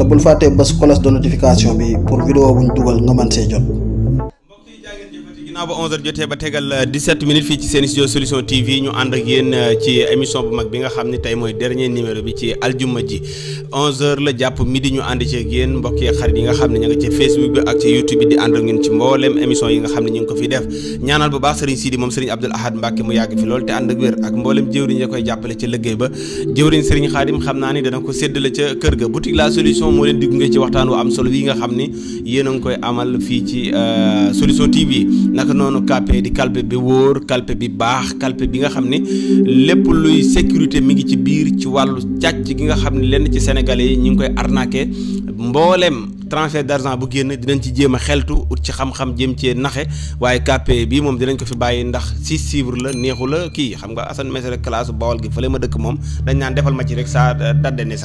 te bul fàttee bés cloche de notification bi pour vidéo buñ dugal nga mën see jot ginnaaw ba 11h jotee ba tegal euh, euh, nga xam ne tey mooy dernier numéro bi ci aljuma ji 11h la jàpp midi ñu ànd ceeg yéen mbokk yi xarit yi xam ne ña nga ci Facebook bi ak ci mboolem émission yi nga xam ne ñu ngi ko fi def ñaanal bu baax Serigne Sidi moom Serigne Abdoul Ahad Mbacke mu yàgg fi lool te ànd ak wér ak mboolem jëwriñ ya koy jàppale ca liggéey ba jëwriñ Serigne Khadim xam naa ni dana ko séddale ca kër ga boutique la solution moo leen di gunge ci waxtaan wu am solo yi nga xam ne yéen a koy amal fii ci euh, solution TV naka noonu calpe di calpe bi wóor calpe bi baax calpe bi nga xam ni lépp luy sécurité mi ngi ci biir ci wàllu càcc gi nga xam ne lenn ci sénégalais yi ñu ngi koy arnaqué mbooleem transfert d'argent bu génn dinañ ci jéema a xeltu ut ci xam-xam jéem cee naxe waaye KPA bi moom dinañ ko fi bàyyi ndax si suivre la neexu kii xam nga Assane Messe rek classe Bawol gi ma dëkk moom dañ naan defal ma ci rek sa date de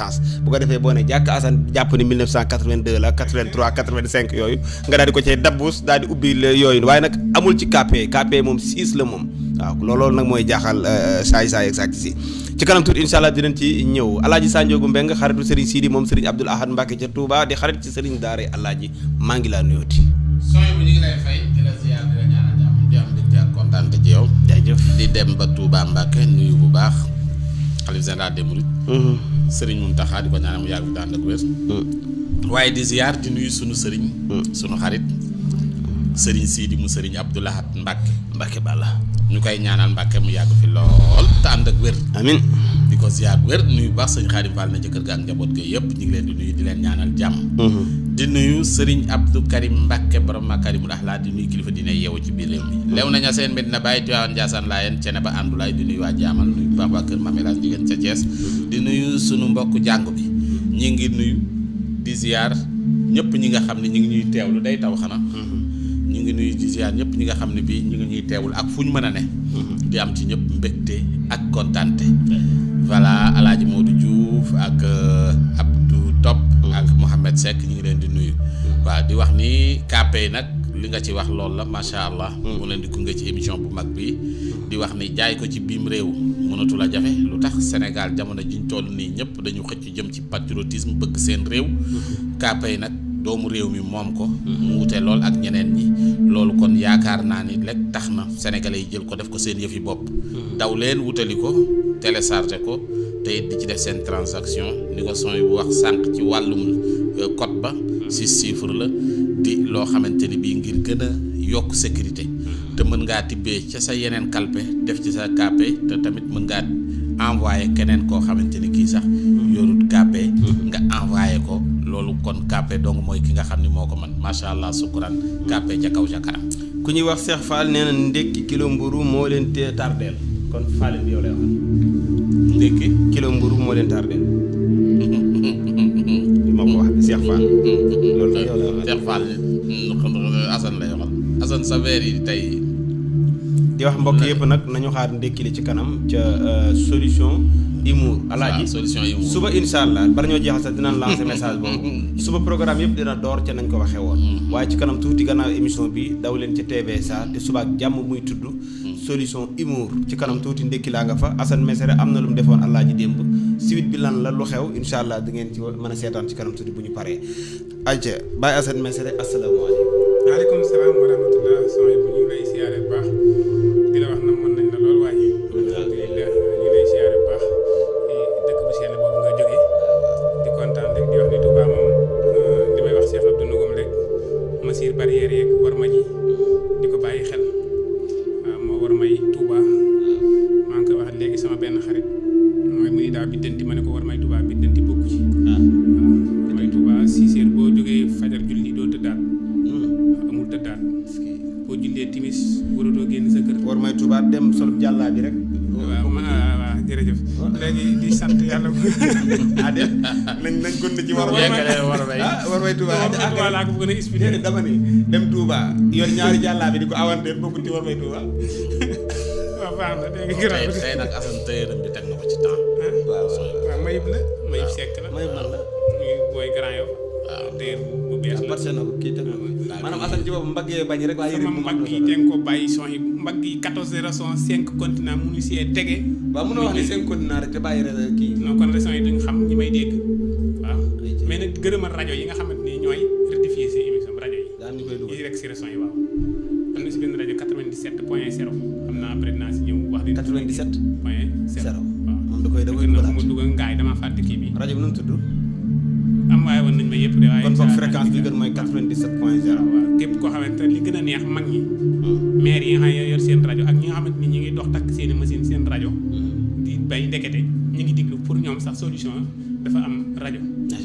ko defee boo ne jàkk Assane jàpp ni 1982 la 83 85 yooyu nga daal di ko cay dabbus daal di ubbi yooyu waaye nag amul ci KPA KPA moom 6 la moom looloolu nag mooy jaaxal saay saay exact si ci kanam tuuti incha allah dinañ ci ñëw alaaji Sanjoogu Mbeng xaritu Serigne Sidi moom Serigne Abdoul Ahad Mbacke ca Touba di xarit ci Serigne Daare alaaji maa ngi laa nuyooti. sooy ngi lay fay di la kontaan ci yow. jaajëf di dem ba Touba bu baax xalif général des mm-hmm. ko ñaanal mu yàgg daan ak wér. Mm-hmm. waaye di di nuyu sunu Serigne. Mm-hmm. sunu xarit Serigne Sidi mu Serigne Abdoul Ahad Mbacke Mbacke Balla. ñu koy ñaanal Mbàkke mu yàgg fi lool te ànd ak wér. amin di ko ziar wér nuyu baax sëñ Xaadim Fall na jëkkër ga ak njaboot ga yëpp ñu ngi leen di nuyu di leen ñaanal jàmm. Mm-hmm. di nuyu Serigne Abdou Karim Mbàkke borom Makaarimul Axlaaq di nuyu kilifa dina yeewu ci biir réew mi. Mm-hmm. lew nañu seen mbir na bàyyi Tiwaawan Njaasaan Laayeen cene ba àndulaay di nuyu waa jaamal nuyu Bamba kër Mamelane jigéen ca Thiès. Mm-hmm. di nuyu sunu mbokk jàngu bi. ñi ngi nuyu di ziar ñëpp ñi nga xam ne ñi ngi ñuy teewlu day taw xanaa ngi nuyu ci ziar ñëpp ñi nga xam ne bii ñu ngi ñuy teewul ak fu ñu mën a ne. Mm-hmm. di am ci ñëpp mbégte ak kontaante. voilà El Hadj Modou Diouf ak euh, Abdou Top. Mm-hmm. ak Mouhamed Seck ñu ngi leen di nuyu. Mm-hmm. waa di wax ni KAPA nag li nga ci wax loolu la macha allah. mu leen di gunge ci émission bu mag bi di wax ni jaay ko ci biim réew. mënatul a jafe lu tax Sénégal jamono jiñ toll nii ñëpp dañu xëcc jëm ci patriotisme bëgg seen réew. KAPA nag. doomu réew mi moom ko mu wute lool ak ñeneen ñi loolu kon yaakaar naa ni rek tax na sénégalais yi jël ko def ko seen yëfi bopp daw leen wutali ko télécharger ko te it di ci def seen transaction ni ko son bu wax sànq ci wàllum euh, code ba si chiffres la di loo xamante ni bii ngir gën a yokk sécurité te mën ngaa tibbee ca sa yeneen kalpe def ci sa kàppe te tamit mën ngaa envoyé keneen koo xamante kii sax mm-hmm. yorut kàppe mm-hmm. nga kon kàppe dong mooy ki nga xam ne moo ko man macha allah sukkuraan kàppe ca kaw ca kanam ku ñuy wax seex Fall nee na ndékki kilo mburu moo leen te tardeel kon Fall yow lay wax ndékki kilo mburu moo leen tardeel moo ko wax Cheikh Fall loolu yow sa veer yi tey di wax mbokk yëpp nag nañu xaar ndékki li ci kanam ca euh, solution humour alaaji solution humour suba insha allah bala ñoo jeexal sax dinañ lancer message boobu suba programme yëpp dina door ca nañ ko waxee woon mm-hmm. waaye ci kanam tuuti gannaaw émission bi daw leen ca TVSA te suba ak jàmm muy tudd mm-hmm. solution humour ci kanam tuuti ndékki laa nga fa Assane Mesere am na lu mu defoon alaaji démb suite bi lan la lu xew insha allah di ngeen ci mën a seetaan ci kanam tuuti bu ñu paree ayca Baye Assane Mesere asalaamaaleykum waaleykum salaam war may dugal waaw baax na dégg nga. tey tey nag Assane tëyëram bi teg na ko ci temps. waaw waaw Mayib la Mayib Seck la Mayib man la. muy booy la parce que nag kii na ko ah, maanaam Assane ci boppam mbagg yee bañ rek. waaye yëriñ mbagg yi teg ko bàyyi son yi mbagg yi 14 raisons 5 continents mënu see tege. waaw mënoo wax ne 5 continents rek te bàyyi rek kii. non kon raisons nu mu tudd. am waaye woon nañ ma yëpp de waaye. kon foog fréquence bi gën mooy 97 point 0. waaw képp koo xamante ne li gën a neex mag ñi. Hmm. maire yi nga seen rajo ak ñi nga ni ñu ngi dox takk seen machine seen rajo. Hmm. di bay ndekete ñu ngi diglu pour ñoom sax solution dafa am rajo.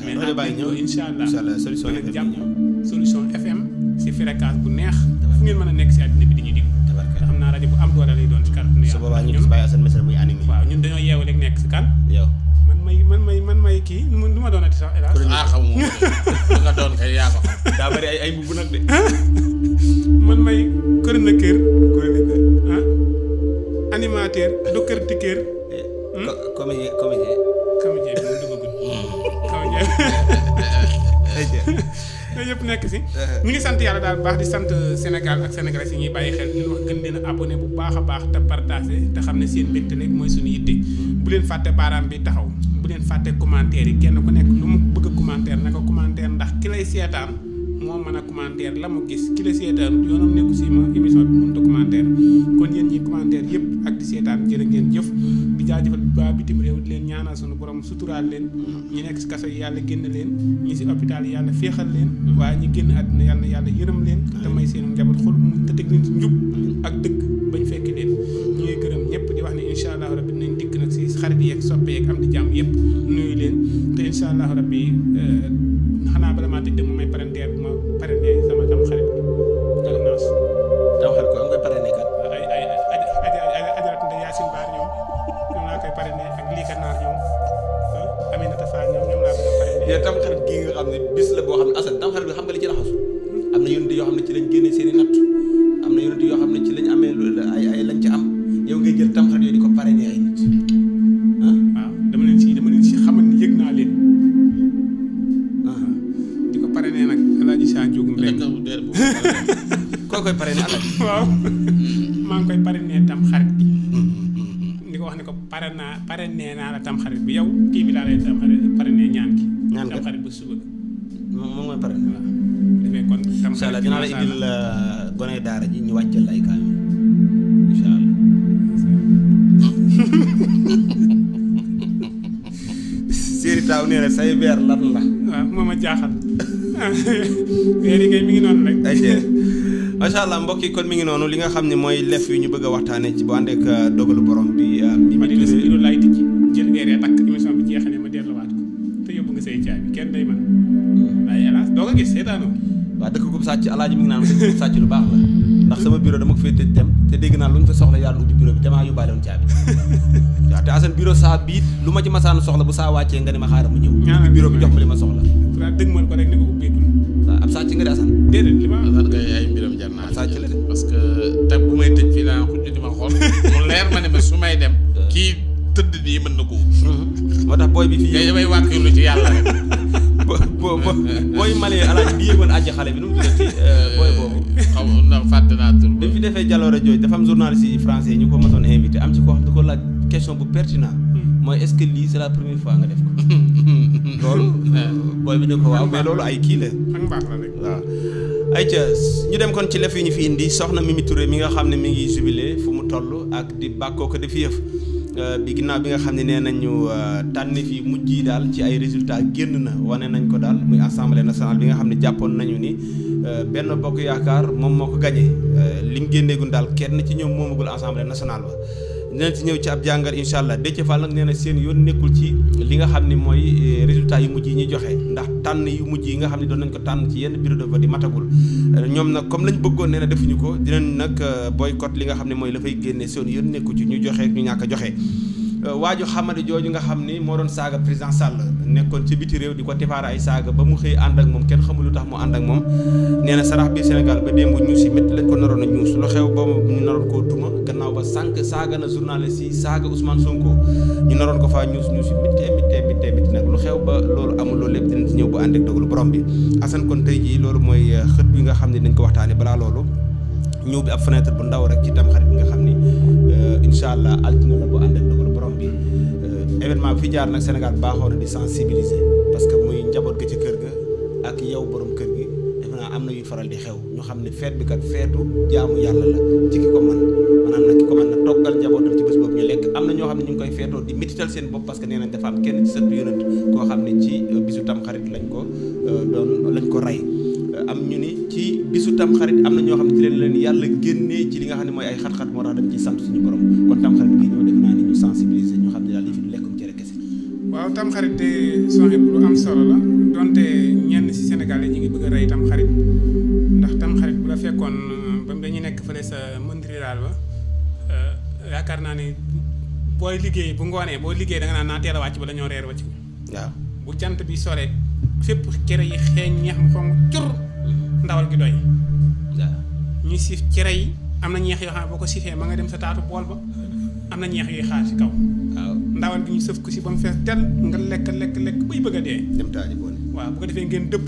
mais rajo bàyyi ñëw incha allah solution FM solution FM si fréquence bu neex. fu ngeen mën a nekk sant Sénégal ak Sénégalais yi ñuy bàyyi xel ñu gën leen a abonné bu baax a baax te partagé te xam ne seen mbégte rek mooy suñu yitte bu leen fàtte baaraam bi taxaw bu leen fàtte commentaire yi kenn ku nekk lu mu bëgg a commentaire na commentaire ndax ki lay seetaan moo mën a commentaire la mu gis ki la seetaan yoonam nekku si ma yàlla sunu borom suturaal leen mm-hmm. ñi nekk si kaso yi yàlla génn leen ñi si hôpital yi yàlla féexal leen mm-hmm. waaye ñi génn àddina yàlla yàlla yërëm leen te may seen xol mu te teg leen si njub ak dëgg bañ incha eh, ah, allah dinaa la indil gone daara ji ñu wàccal ay kaamil incha allah. Sëriñ Taaw nee na say weer lan la. waaw moo ma jaaxal. weer kay mi ngi noonu rek. macha mbokk kon mi ngi noonu li nga xam ne mooy lef yu ñu bëgg a ci bu ànd ak dogalu borom bi. saa biit lu ma ci masaan soxla bu saa wàccee nga ne ma xaaral ma ñëw ah, ubbi bureau bi jox ma li ma soxla dëgg man ko rek ne ko ubbeetul waaw ah, ab sàcc nga de Assane déedéet li ma Assane kay ay mbiram jar naa sàcc la de parce que te bu may tëj dem ah. kii tëdd nii mën na ko moo tax booy bi fii yow damay wàkkilu ci yàlla rek booy malee alaaj bi yéegoon àjji xale bi nu mu tuddati euh, booy boobu eh, xaw na fàtte naa tur bi mu defee jaloore jooju dafa am journaliste yi français ñu ko mosoon invité am ci koo xam ko laaj question bu pertinent mooy est-ce que lii c'est la première fois nga def ko. loolu. booy bi ne ko waaw loolu ay kii la. ak mbaax la rek waaw. ayca dem kon ci lef ñu fi indi soxna Mimi Touré mi nga xam ne mi ngi jubilé fu mu toll ak di bàkkoo ko def yëf bi euh, ginnaaw bi nga xam ne nee nañu euh, tànni fi mujj yi daal ci ay résultat génn na wane nañ ko daal muy assemblée nationale bi nga xam ne jàppoon nañu ni euh, benn bokk yaakaar moom moo ko gañe li mu génneegul daal kenn ci ñoom moomagul assemblée nationale ba. dinañ ci ñëw ci ab jàngat incha allah Déthié Fall nag nee na seen yoon nekkul ci li nga xam ni mooy eh, résultat yu mujj yi ñu joxe ndax tànn yu mujj yi nga xam ne doon nañ ko tànn ci yenn bureau de vote yi matagul ñoom na comme lañ bëggoon nee na defuñu ko dinañ nag eh, boycott li nga xam ne mooy la fay génne seen yoon nekku ci ñu joxe ñu ñàkk a joxe Euh, waaju xamadi jooju nga xam ni moo doon saaga président Sall nekkoon ci biti réew di ko tifaara ay saaga ba mu xëy ànd ak moom kenn xamul lu tax mu ànd ak moom nee na sarax biir Sénégal ba démb ñuus lañ ko naroon a ñuus lu xew ba ñu naroon koo duma gannaaw ba sànq saaga na journaliste yi saaga Ousmane Sonko ñu naroon ko faa ñuus ñuus yi méttee méttee méttee métti lu xew ba loolu amul loolu lépp dinañ ci ñëw bu ànd ak dogalu borom bi Assane kon tey jii loolu mooy euh, xët bi nga xam ne dañ ko waxtaane balaa loolu ñëw bi ab fenêtre bu ndaw rek ci tam xarit bi nga xam ni euh, incha allah altine la bu ànd ak dogalu borom bi euh, événement bi fi jaar nag Sénégal baaxoo na di sensibiliser parce que muy njaboot ga ci kër ga ak yow borom kër gi defe naa am na yu faral di xew ñu xam ne feet bi kat feetu jaamu yàlla la ci ki ko mën maanaam nag ki ko mën na toggal njabootam ci bés boobu ñu lekk am na ñoo xam ne ñu ngi koy feetoo di mitital seen bopp parce que nee nañ dafa am kenn ci sët bu yonent koo xam ne ci euh, bisu tam xarit lañ ko euh, doon lañ ko rey bisu tam xarit am na ñoo xam ne ci leen ni yàlla génnee ci li nga xam ne mooy ay xat-xat moo tax dañ ci sant suñu borom kon tam xarit gi ñëw def naa ni ñu sensibiliser ñu xam ne daal fi du lekkum cere kese waaw tam xarit de soo xeeb lu am solo la ñenn si Sénégal yi ñu ngi bëgg a rey tam xarit ndax tam xarit bu la fekkoon euh, ba mu dañuy nekk fële sa monde rural ba euh, yaakaar naa ne booy liggéey bu ngoonee boo liggéey da naa teel a wàcc bala ñoo reer wàcc waaw bu jant bi soree fépp cere yi xeeñ ñeex mu cur ndawal gi doy ñi sif ci rey amna ñeex yo xam boo sifé ma nga dem sa taatu bol ba amna ñeex yi xaar ci kaw ndawal gi ñu sëf ko ci bam fess tel nga lek lek lekk bay bëgg dé dem taaji bol waaw bu ko defee ngeen depp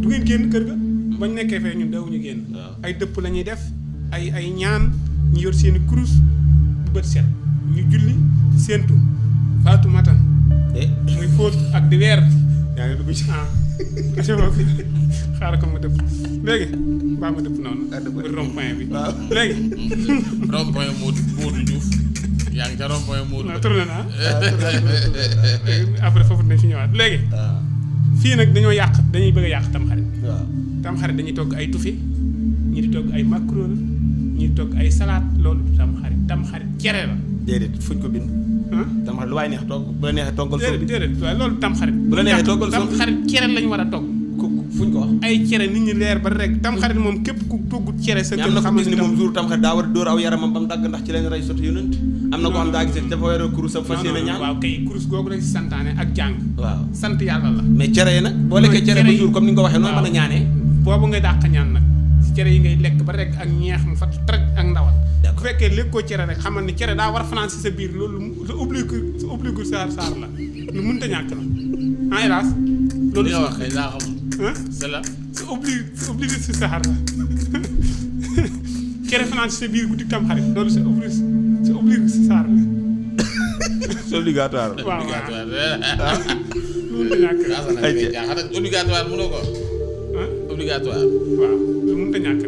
du ngeen genn kër ga bañ nekké fé ñun ñu genn ay depp lañuy def ay ay ñaan ñu yor seen kurus bu bëtt sét ñu julli sentu fatou matan eh muy fóot ak di wer yaa ngi dugg ci je vois xaaral ko ma dëpp léegi mbaa ma dëpp noonu. bu ah, rond-point bi waaw léegi. rond-point Modou Modou yaa ngi ca rond-point Modou. non ah, foofu dinañ fi ñëwaat léegi. Ah. fii nag dañoo yàq dañuy bëgg a yàq tamxarit. waaw tamxarit dañuy togg ay tufi ñu di togg ay macaroni ñu di togg ay salaat loolu tamxarit tamxarit cere la. ko tam xarit lu waay neex togg bu la neexee toggal soo bi déedéet waaye cere lañ war a togg ku fuñ ko wax ay cere nit ñi leer ba rek tam xarit moom képp ku toggut cere sa kër xam gis ni moom jour tam a dóor aw yaramam ba na rek ak jàng waaw sant yàlla la mais cere yi boo lekkee cere bu jour comme ni nga ko waxee noonu mën a ñaanee boobu ngay dàq ñaan nag si cere yi ngay lekk ba rek ak ñeex mu fat trek ak ndawal bu fekkee lékkoo cere rek xamal ni cere daa war a fanaan si sa biir loolu lu sa biir guddi tam xarit loolu c'est obligé c'est obligé si obligatoire. waaw obligatoire de. obligatoire mënoo ñàkk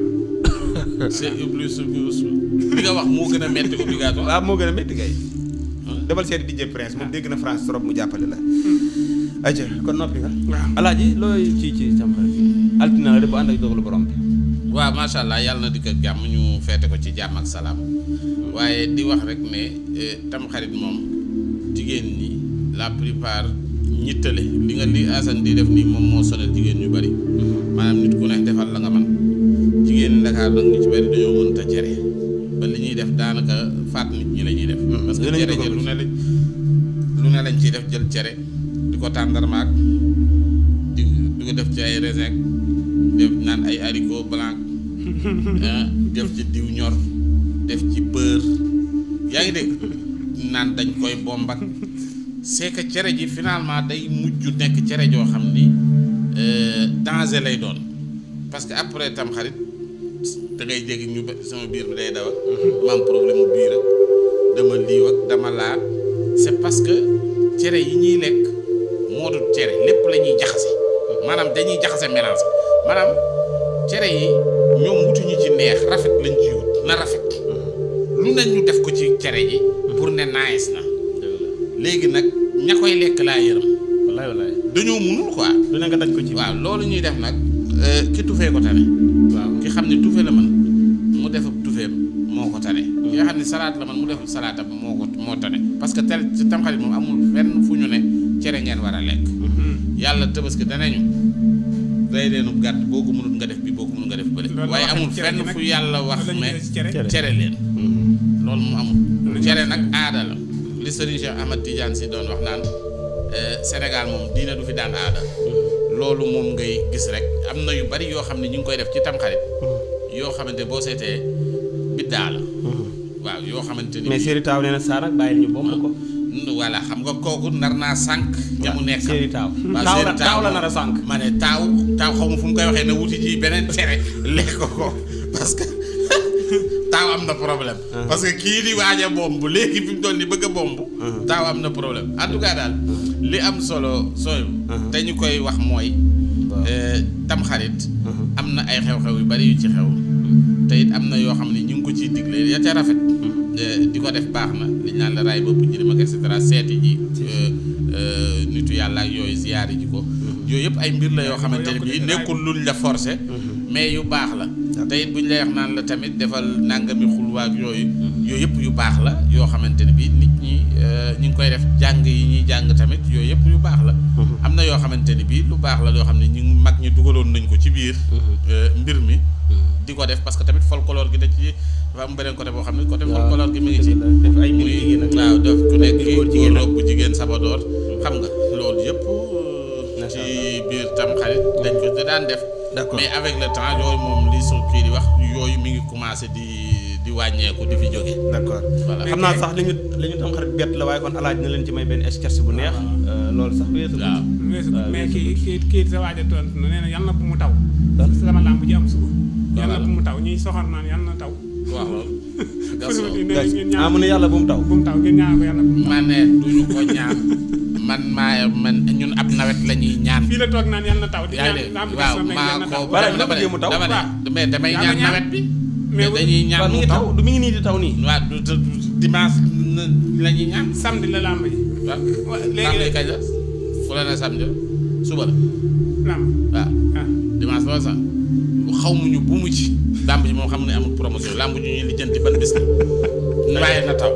la. li nga wax moo gën a metti obligatoire waaw ah, moo gën a metti kay demal seeti DJ Prince moom dégg na France trop mu jàppale la hmm. aja kon noppi nga alaaji looy ci ci sam altina la de bu ànd ak dogalu borom bi waaw macha allah yàlla na dikk ak jàmm ñu feete ko ci jàmm ak salaam waaye di wax rek ne eh, tam xarit moom jigéen ñi la plupart ñittale li nga li asan di def nii moom moo sonal jigéen ñu bari hmm. maanaam nit ku ne defal la nga man jigéen ndakaar nag ñu ci bari dañoo mën ta faat nit ñi la ñuy def. Mm, parce que cere jël lu ne la lu ne lañ ciy def jël cere di ko tàndarmaak di di ko def ci ay raisin def naan ay haricot blanc ah, def ci diw ñor def ci beurre yaa ngi dégg naan dañ koy bomba c'est que cere ji finalement day mujj nekk cere joo xam ni euh, danger lay doon parce que après tam xarit. da ngay jéggi ñu sama biir bi day daw ak. ma am problème mu biir ak dama liiw ak dama laa c'est parce que cere yi ñuy lekk moo dul cere lépp la ñuy jaxase maanaam dañuy jaxase mélange maanaam cere yi ñoom wutuñu ci neex rafet lañ ci wut na rafet lu ne ñu def ko ci cere yi pour ne nice na léegi nag ña koy lekk laa yërëm wallaay wallaay dañoo munul quoi. dina nga daj ko ci waaw loolu ñuy def nag euh, ki tufee ko tane waaw ki xam ne defub tufeem moo ko tane hmm. ki nga xam ne salaat la man mu defub salaatam moo ko moo tane parce que tere ci tamxarit moom amul fenn fu ñu ne cere ngeen war a lekk hmm. yàlla tëbaski danañu day leenub gàtt boo ko mënut nga def bi boo ko mënut nga def bële waaye amul fenn fu yàlla wax ne cere leen hmm. loolu mu amul cere nag aada la li sëriñ Cheikh Ahmad Tidiane si doon wax naan eh, Sénégal moom diina du fi daan aada loolu moom ngay gis rek am na yu bari yoo xam ne ñu ngi koy def ci tamxarit yoo xamante boo seetee biddaa la. Mm-hmm. waaw yoo xamante ni. mais Serigne Taw nee na Saara bàyyil ñu bomb ko. Mm, voilà xam nga kooku nar naa sànq. te mu nekk Serigne Taw mm. waaw Taaw sànq. ma Taaw Taaw xaw ma fu mu koy waxee na wuti ji beneen cere lekk ko parce que Taaw am na problème. Mm. parce que kii di waaj a bomb léegi fi doon ni bëgg a bomb. Taaw am na problème en tout daal. li am solo sooy. te ñu koy wax mooy. Eh, tam xarit. Mm-hmm. am na ay xew-xew yu bari yu ci xew. te am na yoo xam ne ñu ngi ko ciy digle ya ca rafet mm-hmm. eh, di ko def baax na liñ naan la raay bopp jërim ak et cetera seeti ji eh, eh, nitu yàlla ak yooyu ziyaari ji ko mm-hmm. yooyu yëpp ay la yoo xamante ne bii nekkul luñ la forcé mm-hmm. mais yu baax la te it buñ lay naan la tamit defal nangami xulwaak yooyu yooyu yëpp yu baax la yoo xamante ne bii nit ñi ñu ngi koy def jàng yi ñuy jàng tamit yooyu yëpp yu baax la am na yoo xamante ne bii lu baax la yoo xam ne ñu mag ñi dugaloon nañ ko ci biir mbir mi di ko def parce que tamit folklore gi da ci dafa am beneen côté boo xam côté folklore gi mi ngi ci def ay mbir yi nag waaw def ku nekk góor rob jigéen sabadoor xam nga loolu yëpp euh, ci biir tam xarit dañ ko daan def d'accord mais avec le temps yooyu moom li su kii di wax yooyu mi ngi di di wàññeeku di fi jóge d'accord voilà xam sax li ñu tam xarit bett la waaye kon alaaj na leen ci may benn escarce bu neex ah. euh, loolu sax weesu mais kii sa bu mu taw sama lamb ji am suba yàlla bu mu taw ñuy soxor naan yàlla na taw. waaw waaw ah mu ne yàlla bu mu taw. bu mu taw ngeen ñaan ko yàlla bu mu taw. ma ne du ñu ko ñaan man maa man ñun ab nawet la ñuy ñaan. fii la toog naan yàlla na taw. di ñaan waaw maa ko dama ne dama ne mais damay ñaan nawet bi. mais dañuy ñaan mu taw mi ngi nii di taw nii. waaw dimanche la ñuy ñaan. samedi la làmb yi. waaw léegi kañ la fu la ne samedi suba la. làmb waaw dimanche loolu sax. xaw muñu bu mu ci làmb ji moom xam ne amul promotion làmb ji ñuy lijjanti ban bis la waaye na taw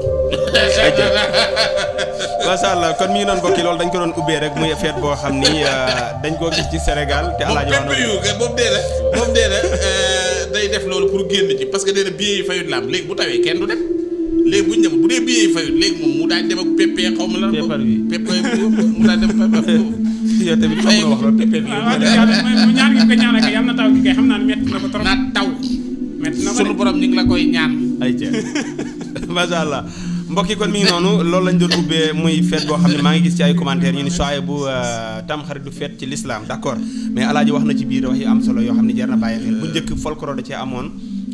macha allah kon mi ngi doon bokki loolu dañ ko doon ubbee rek muy feet boo xam ni euh, dañ koo gis ci Sénégal te alaaji wax na boobu dee euh, day def loolu pour génn ci parce que dee na billets yi fayut làmb léegi bu tawee kenn du dem léegi bu ñu bu dee billets yi fayut léegi moom mu daal dem ak xaw ma lan. pépé bi pépé mu daal dem pépé yow tamit xam nga wax loolu te waaw ñaan nga ko ñaanal kay yàlla na taw gi kay xam naa ne métti na ko trop. na taw. métti na ko sunu borom ñu ngi la koy ñaan. ay ca macha allah. mbokk yi kon mi ngi noonu loolu lañ doon ubbee muy fête boo xam ne maa ngi gis ci ay commentaire ñu ni soaye bu euh, tamxarit du fête ci lislaam d'accord mais alaaji wax na ci biir wax yu am solo yoo xam ne jar na bàyyi xel bu njëkk folklore da cee amoon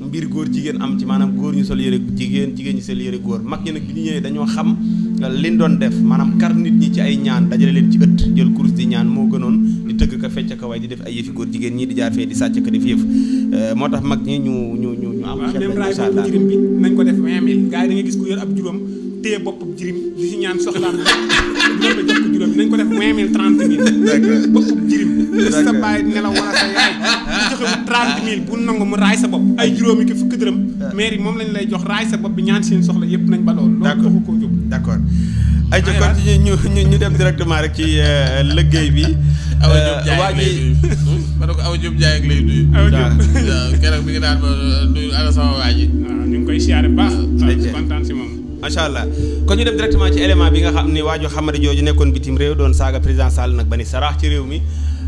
mbir góor jigéen am ci maanaam góor ñu sol yére jigéen jigéen ñu sol yére góor mag ñi nag bi ñu ñëwee dañoo xam euh, liñ doon def maanaam kar nit ñi ci ay ñaan dajale leen ci ëtt jël kurus di ñaan moo gënoon di tëgg ka fecc ka waaye di def ay yëfi góor jigéen ñii di jaar fee di sàcc ka def yëf euh, moo tax mag ñi ñu ñu ñu ñu am ah, xel même jirim bi nañ ko def vingt mille gars yi da nga gis ku yor ab juróom téye bopp jirim di si ñaan soxlaam juróom ba bopp jirim sa bàyyi nelaw wala sa yaay ku mu raay sa bopp ay juróomi ki fukki dërëm ah. mairie moom lañ lay jox raay sa bopp bi ñaan seen soxla yëpp nañ ba loolu loolu ko koo jóg d' accord ay jo kon ñu dem directement rek ci euh, liggéey bi euh, waa ji hmm? ma ne ko aw jub jaay ak lay nuyu waaw keroog bi nga daan ma euh, ala sama waa ji waaw ah, allah kon ñu dem directement ci élément bi nga xam ne waaju xamari jooju nekkoon bitim réew doon saaga président Sall nag ba ni saraax ci réew mi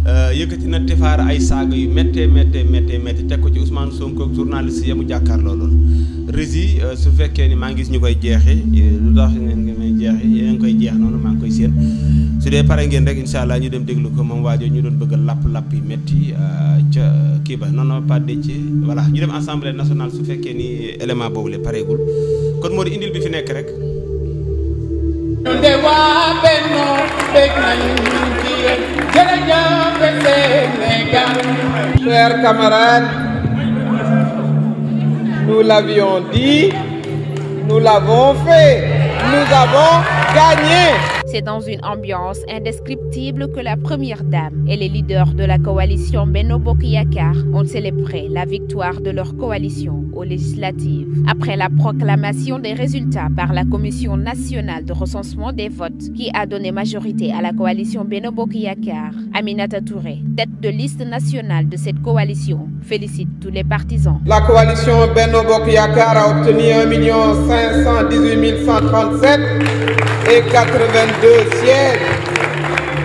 Euh, yëkkati na tefaara ay saaga yu méttee méttee méttee méttee teg ko ci Ousmane Sonko journaliste yamu jàkkaarloo loolu Rési euh, su fekkee ni maa ngi gis ñu koy jeexee euh, lu tax ngeen ngi may jeexee yéen ngi koy jeex noonu maa ngi koy séen su dee pare ngeen rek incha allah ñu dem déglu ko moom waajoo ñu doon bëgg a lapp lapp yi métti ca kii ba non non pas décc voilà ñu dem assemblée nationale su fekkee ni élément boobu la pareegul kon moo di indil bi fi nekk rek. Chers camarades, nous l'avions dit, nous l'avons fait, nous avons gagné. C'est dans une ambiance indescriptible que la première dame et les leaders de la coalition Beno Bokiyakar ont célébré la victoire de leur coalition aux législatives. Après la proclamation des résultats par la Commission nationale de recensement des votes qui a donné majorité à la coalition Beno Bokiyakar, Aminata Touré, tête de liste nationale de cette coalition, félicite tous les partisans. La coalition Beno Bokiyakar a obtenu 1 518 137 et 82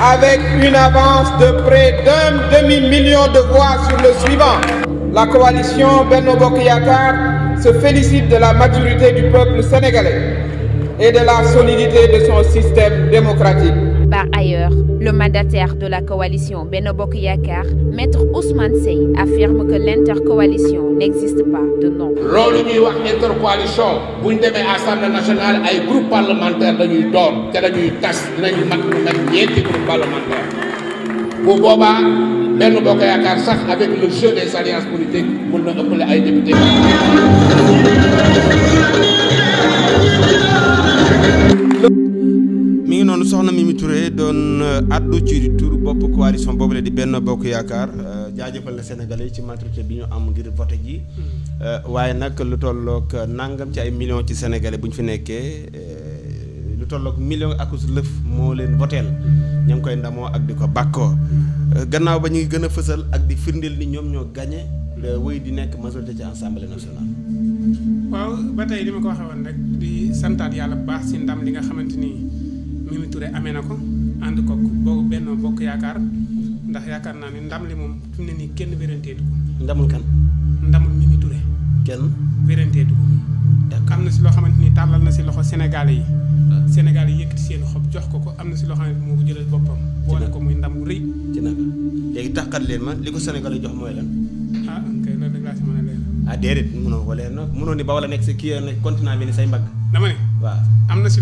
avec une avance de près d'un demi-million de voix sur le suivant. La coalition Benno se félicite de la maturité du peuple sénégalais et de la solidité de son système démocratique. Par ailleurs, le mandataire de la coalition Benobok Yakar, Maître Ousmane Sey, affirme que l'intercoalition n'existe pas de nom. Rôle ñuy wax intercoalition bu ñu l'Assemblée assemblée nationale ay groupe parlementaire dañuy doon te dañuy tas tasse, mat lu mat ñeenti parlementaire bu Boba, bokk sax avec le jeu des alliances politiques mën appeler les ay député soxna Mimi Touré doon euh, addu ci turu bopp coalition boobu la di benn bokk yaakaar euh, jaajëfal la Sénégalais yi ci maturité bi ñu am ngir vote ji euh, waaye nag lu tollook nangam ci ay million ci Sénégalais bu ñu fi nekkee lu tollook million ak us lëf moo leen voteel ña ngi koy ndamoo ak di ko bàkkoo gannaaw ba ñu ngi gën a fësal ak di firndeel ni ñoom ñoo gagné wéy di nekk majorité ci assemblée nationale. waaw ba tey li ma ko waxee woon rek di santaat yàlla baax si ndam li nga xamante ni. Mimi Touré amee na ko ànd ko boo benn bokk yaakaar ndax yaakaar naa ne ndam li moom fi ne nii kenn wéranteetu ko. ndamul kan. ndamul Mimi ture kenn wéranteetu ko. d'accord am na si loo xamante ni tàllal na si loxo Sénégalais yi. Ah. Sénégal yi ti seen xob jox ko ko am na si loxo xam ne moo ko jëlal boppam. boole ko muy ndam bu rëy. ci naka léegi taxkat leen ma li ko Sénégal yi jox mooy lan. ah kay loolu rek laa si mën a leer. Ah, déedéet mënoo ko leer na mënoo ni ba wala nekk si kii continent bi ni say mbagg. ne waaw am na si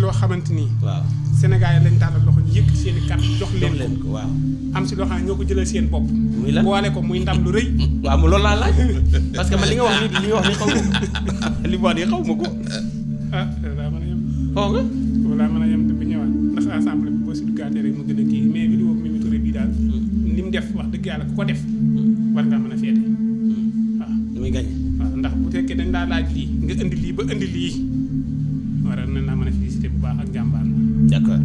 Sénégal lañ tàllal loxo ñu yëkk seen kat jox leen ko waaw am si loo xam ñoo ko jëlal seen bopp muy la boole ko muy ndam lu rëy waaw mu loolu laa que man li nga wax ni xaw ma ko li mu wax ni xaw ma ko ah, laa mën a yem a yem bi ñëwaat ndax assemblée bi boo li mu hmm. def wax dëgg yàlla ku ko def hmm. war ngaa mën a féete hmm. waaw muy ndax bu fekkee dañ daa laaj lii nga indi lii ba indi lii waral na naa mën a félicité bu baax ak jàmbaar la. d' accord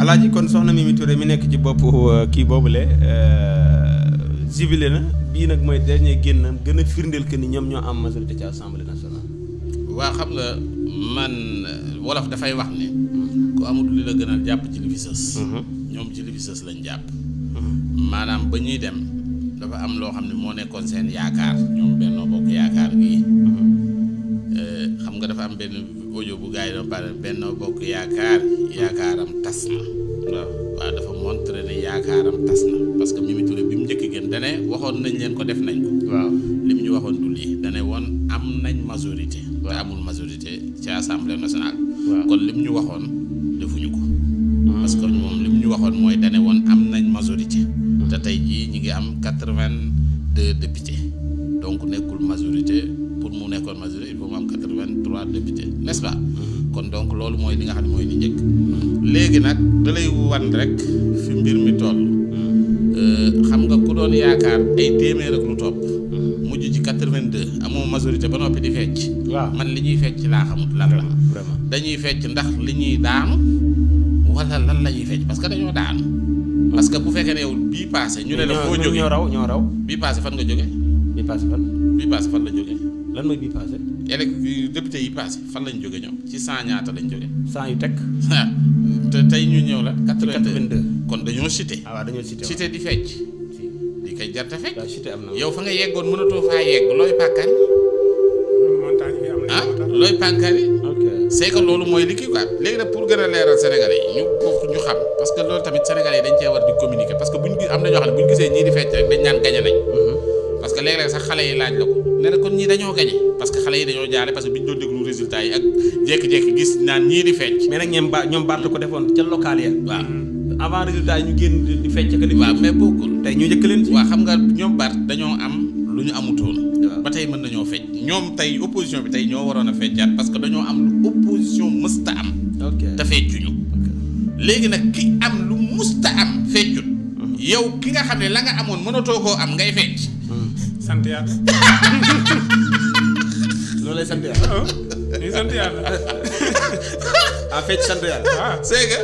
alaaji kon soxna Mimi Touré mi nekk ci bopp euh, kii boobule euh, jubilé na bii nag mooy dernier génnam gën a firndeel que ni ñoom ñoo am majorité ci assemblée nationale. waa xam nga man euh, wolof dafay wax ni ku amul li la gën a jàpp ci li fi mhm. ñoom ci li fi lañ jàpp. Mhm. maanaam ba ñuy dem dafa am loo xam ne moo nekkoon seen yaakaar ñoom Benno Bokk Yaakaar gi mhm. xam nga dafa am benn ko yóbbu gars yi doon pare benn bokk yaakaar yaakaaram tas na waaw waaw dafa montré ne yaakaaram tas na parce que Mimi Touré bi mu njëkk gën dane waxoon nañ leen ko def nañ ko waaw li mu ñu waxoon du lii dane woon am nañ majorité te amul majorité ci assemblée nationale kon li mu ñu waxoon defuñu ko ah. parce moom li mu ñu waxoon mooy dane woon am nañ majorité hmm. te tey jii ñu ngi am quatre-vingt-deux députés donc nekkul majorité mu majeur il faut mo am 83 député n'est-ce pas kon donc lolu moy li nga xamni moy ni li légui nak nag da lay wan rek fi mbir mi toll euh xam nga ku doon yaakar ay témer ak lu top mujj ci 82 amo majorité ba nopi di fecc man li ñuy fecc la xamut la la vraiment dañuy fecc ndax li ñuy daanu wala lan lañuy fecc parce que dañoo daanu parce que bu fekké ne yow bii passé ñu né la fo jógee ñoo raw ñoo raw bi passé fan nga jógee bi passé fan bi passé fan la jógee lan mooy bii passé. élec député yi passé fan lañ jóge ñoom ci cent ñaata lañ jóge cent yu teg. te tey ñu ñëw la. quatre kon dañoo cité. ah waaw dañoo cité cité di fecc. di kay jarte fecc. yow fa nga yeggoon mënatoo faa yegg looy pàkkari. ah looy pàkkari. ok c'est que loolu mooy li kii quoi léegi nag pour gën a leeral Sénégalais yi ñu ñu xam parce que loolu tamit Sénégalais yi dañ cee war di communiquer parce que buñ gis am na ñoo xam ne buñ gisee ñii di fecc rek dañ naan gañe nañ. Mhm. parce que léeg sax xale yi laaj la nee na kon ñii dañoo gañe parce que xale yi dañoo jaare parce que bi ñu doon déglu résultat yi ak jékki-jékki gis naan ñii di fecc. mais ñoom ba ko defoon ca local ya. waaw avant résultat yi ñu génn di fecc que. waaw mais bokkul tey ñu njëkk leen ñoom Barth dañoo am lu ñu amutoon. ba tey mën nañoo fecc ñoom tey opposition bi tey ñoo waroon a feccaat parce que dañoo am lu opposition mësta am. ok te feccuñu. léegi nag ki am lu mësta am feccut. Mhm. yow ki nga xam ne la nga amoon mënatoo koo am ngay fecc sant yàlla lo lay sant yàlla ñu sant yàlla ah fecc sant yàlla c'est que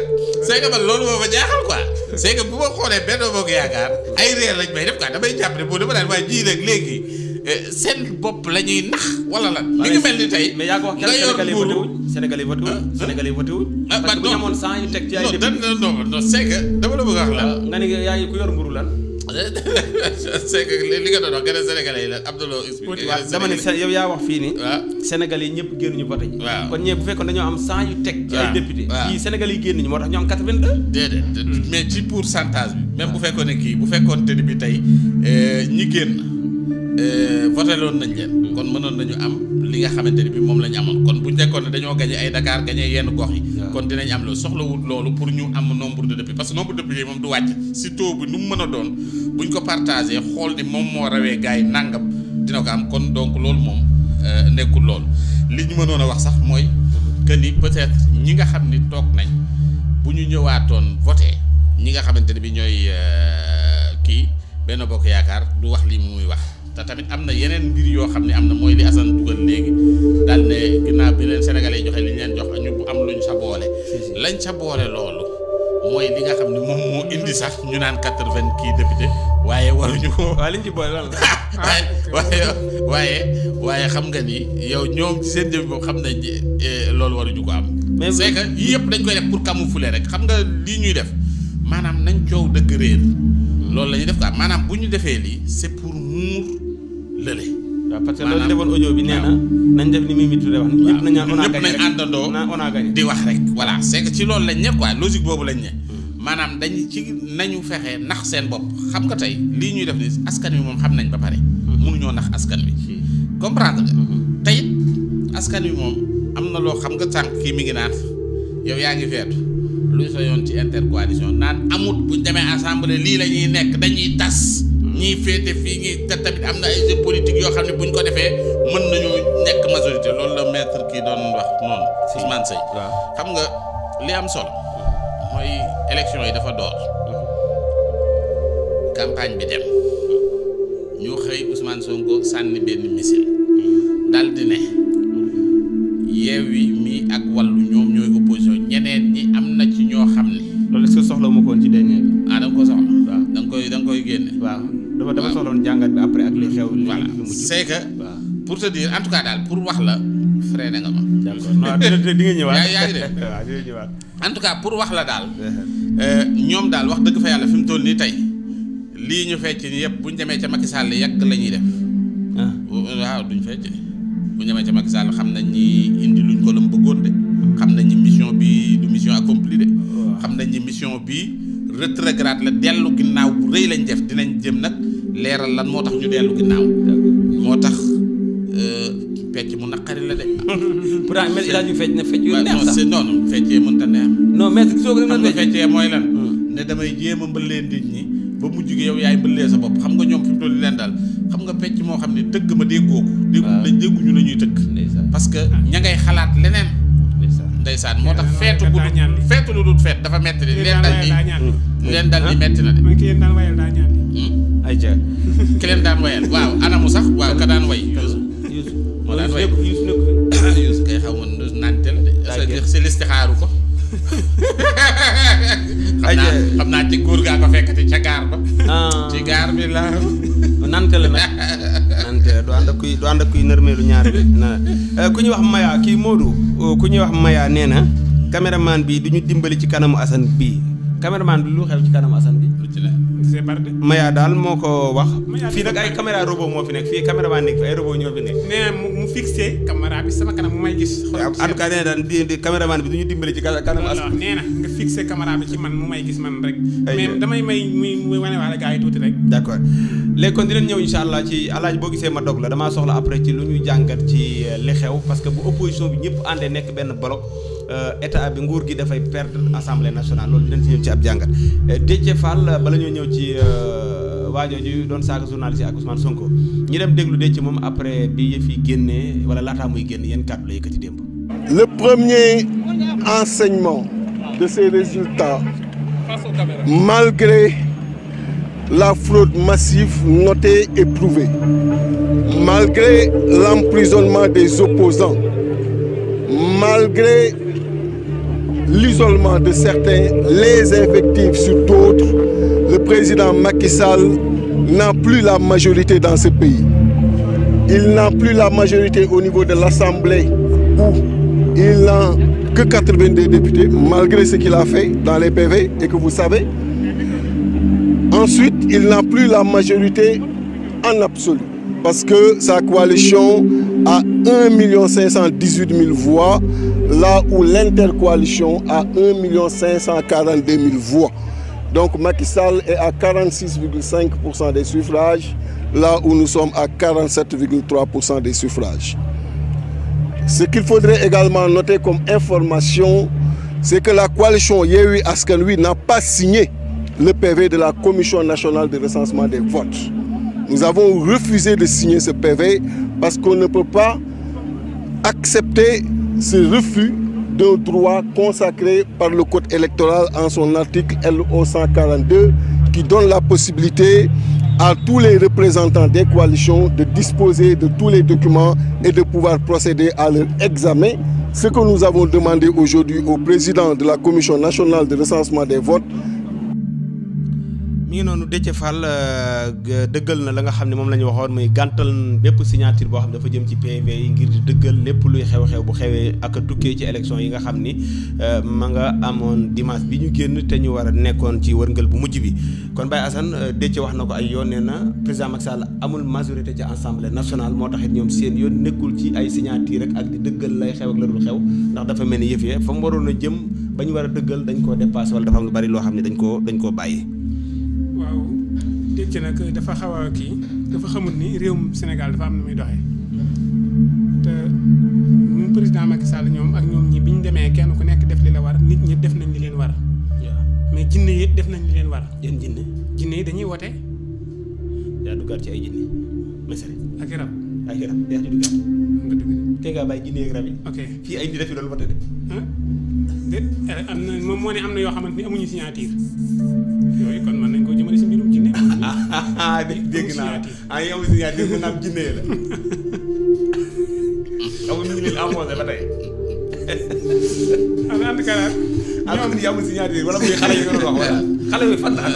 c'est que man loolu moo ma jaaxal quoi c'est que bu ma xoolee benn bokk yaakaar ay reer lañ may def quoi damay jàpp ne boo dama daan waaye jii nag léegi seen bopp la ñuy eh, nax wala lan mi ngi mel ni tey mais yaa ko wax kenn sénégalais yi voté wuñ sénégalais yi voté wuñ sénégalais yi voté wuñ parce bu ñu amoon cent yu ci ay non non non c'est dama la bëgg wax lan nga ne yaa ku yor mburu lan c'est li nga doon wax gën a sénégalais yi la Abdoulaye expliqué. waaw dama ne yaa wax fii nii. waaw sénégalais yi ñëpp génn ñu voté ji. waaw kon ñee bu fekkoon dañoo am 100 yu teg. ci ay député fii sénégalais yi génn ñu moo tax ñu am 82. déedéet hmm. mais ci pourcentage bi. même bu fekkoon ne kii bu fekkoon te bi tey eh, ñi génn. Euh, voteloon nañ leen. Hmm. kon mënoon nañu am li nga xamante ni bi moom la amoon kon bu ñu nekkoon ne dañoo gañe ay Dakar gañe yenn gox yi. kon dinañ am loolu soxlawut loolu pour ñu am nombre de députés parce que nombre de députés moom du wàcc si taux bi nu mën a doon buñ ko partagé xool ni moom moo rawee gars yi nangam dina ko am kon donc loolu moom euh, nekkul loolu li ñu mënoon a wax sax mooy que ni peut-être ñi nga xam ni toog nañ bu ñu ñëwaatoon voté ñi nga xamante ne bi ñooy euh, kii benn bokk yaakaar du wax lii muy wax. te tamit am na yeneen mbir yoo xam ne am na mooy li Assane dugal léegi daal ne ginnaaw bi leen sénégalais joxe li ñu leen jox ñu am ñu sa boole lañ sa boole loolu mooy nga xam ne moom moo indi sax ñu naan quatre-vingt kii député waaye waruñu ko waaye liñ ci boole lan waaye waaye waaye xam nga ni yow ñoom ci seen jëmm boobu xam nañ eh, loolu waruñu ko am c'est que yii yëpp dañ koy def pour camoufler rek xam nga lii ñuy def maanaam nañ coow dëgg réer loolu la ñuy def quoi maanaam bu ñu defee lii c'est pour muur lële. waaw parce que loolu defoon audio bi nee na nañ def ni Mimi Touré wax. ñëpp nañ àndandoo di wax rek. voilà c'est ci loolu lañ ne quoi logique boobu lañ ne. Hmm. maanaam dañ ci nañu fexe nax seen bopp xam nga tey lii ñuy def ni askan wi moom xam nañ ba pare. Hmm. mënuñoo nax askan wi. Hmm. comprendre nga. tey askan wi moom am na loo xam nga sànq kii mi ngi naan yow yaa ngi feetu. luy sa yoon ci intercoalition naan amut buñ demee assemblée lii la ñuy nekk dañuy tas ñiy féete fii ngi te tamit am na ay jeux yoo xam ne buñ ko defee mën nañu nekk majorité loolu la maître kii doon wax noonu sëñ Seye xam nga li am sol mooy élection yi dafa door campagne bi dem hmm. ñu xëy Ousmane Sonko sànni benn missile hmm. daal di ne dafa dafa soxloon jàngat bi après ak li xew. li mujj c'est que pour te dire en daal pour wax la freiné nga ma. d'accord non pour wax la daal. Uh-huh. Euh, ñoom daal wax dëgg fa yàlla fi mu toll nii tey lii ñu fecc nii yëpp bu ñu demee ca Macky Sall yàgg la ñuy def. Uh-huh. waaw duñ fecc bu ñu demee ca Macky Sall xam nañ ni indi luñ ko la mu bëggoon de. xam nañ ni mission bi. accompli de xam nañ ni mission bii rétrograde la dellu ginnaaw bu rëy lañ def dinañ jëm nag leeral lan moo tax ñu dellu ginnaaw moo tax fecc euh, mu naqari la de pourtant maître El Hadj Diouf fecc na fecc yu neex sax non non feccee mënta neex soo ko mën feccee mooy lan hmm. ne damay jéem a mbëllee nit ñi ba mujj gi yow yaay mbëllee sa bopp xam nga ñoom fi mu leen daal xam nga pecc moo xam ne tëgg ma déggoo ko dégguñu la dégguñu la ñuy tëgg parce que ña ngay xalaat leneen saat moo tax feetu bu dul feetu lu feet dafa metti li leen dal li leen dal li metti na de hmm? ki leen daan wayal daa ñaan ay sax waaw ka daan way si listi xaaru ko xam naa xam naa ci góor gaa ko fekkati ca gaar ba ah. ci gaar bi la du ànd ak kuy du ànd ak kuy nërmeelu na eh, ku ñuy wax Maya kii Modou oh, ku ñuy wax Maya nee na caméraman bi du ñu dimbali ci kanamu Assane bii caméraman bi lu xew ci kanamu Assane bi. Maya daal moo ko wax. fii nag ay caméra robot moo fi nekk fii bi sama kanam mu may gis. xool en bi du ñu dimbali ci kanamu Assane. nee nga fixé caméra bi ci man mu may gis man rek. mais damay may muy muy wane waale gars yi tuuti rek. d'accord. les kon dinañ ñëw incha allah ci alaaj boo gisee ma dog la damaa soxla après ci lu ñu jàngat ci euh, li xew parce que bu opposition bi ñëpp àndee nekk benn bloc euh, état bi nguur gi dafay perdre assemblée nationale loolu dinañ ci ñëw ci ab jàngat euh, Déthié Fall bala ñoo ñëw ci waajoo ju doon saaga journaliste ak Ousmane Sonko ñi dem déglu Déthié mom après bi yëf yi wala laataa muy génn yeen kàddu la yëkkati demb le premier enseignement de ces résultats malgré la fraude massive notée et prouvée. Malgré l'emprisonnement des opposants, malgré l'isolement de certains, les effectifs sur d'autres, le président Macky Sall n'a plus la majorité dans ce pays. Il n'a plus la majorité au niveau de l'Assemblée où il n'a que 82 députés, malgré ce qu'il a fait dans les PV et que vous savez. Ensuite, il n'a plus la majorité en absolu. Parce que sa coalition a 1 518 000 voix, là où l'intercoalition a 1 542 000 voix. Donc Macky Sall est à 46,5% des suffrages, là où nous sommes à 47,3% des suffrages. Ce qu'il faudrait également noter comme information, c'est que la coalition Yehui Askanui n'a pas signé le PV de la Commission nationale de recensement des votes. Nous avons refusé de signer ce PV parce qu'on ne peut pas accepter ce refus d'un droit consacré par le Code électoral en son article LO 142 qui donne la possibilité à tous les représentants des coalitions de disposer de tous les documents et de pouvoir procéder à leur examen. Ce que nous avons demandé aujourd'hui au président de la Commission nationale de recensement des votes, mi ngi noonu Déthié Fall euh, dëggal na la nga xam ne moom la ñu waxoon muy gàntal bépp signature boo xam dafa jëm ci PV yi ngir di dëggal lépp luy xew-xew bu xewee ak tukkee ci élection yi nga xam ni euh, ma nga amoon dimanche bi ñu génn te ñu war a nekkoon ci wërngël bu mujj bi. kon Baye Assane euh, Déthié wax na ko ak yoon nee na président Macky Sall amul majorité ci assemblée national moo taxit ñoom seen yoon nekkul ci ay signature rek ak di dëggal lay xew ak la dul xew ndax dafa mel ni yëf ya fa mu waroon jëm ba ñu war a dëggal dañ koo dépassé wala dafa am bari loo xam ne dañ koo dañ koo bàyyi. waaw dégg nag dafa xaw a kii dafa xamul ni réew Sénégal dafa am na muy doxe te ñun président Macky Sall ñoom ak ñoom ñi bi ñu demee kenn ku nekk def li la war nit ñi def nañ li leen war. mais jinne yi def nañ leen war. yan jinne jinne dañuy wote. yaa ci ay jinne mesere ak i rab ak i rab yaa ci duggaat. nga te ngaa bàyyi jinne ak rab yi. ok fii ay nit def fi doon wote de. déet am na moom moo ne am na yoo xamante ni amuñu signature. yooyu kon mën nañ ko jëmale si mbirum jinne dégg si dégg naa ah, jinne ñu ngi leen amoosé am na ànd ah, kalaat ah, ñoom ni yamu si ñaari wala muy xale yi nga doon wax xale yooyu fan la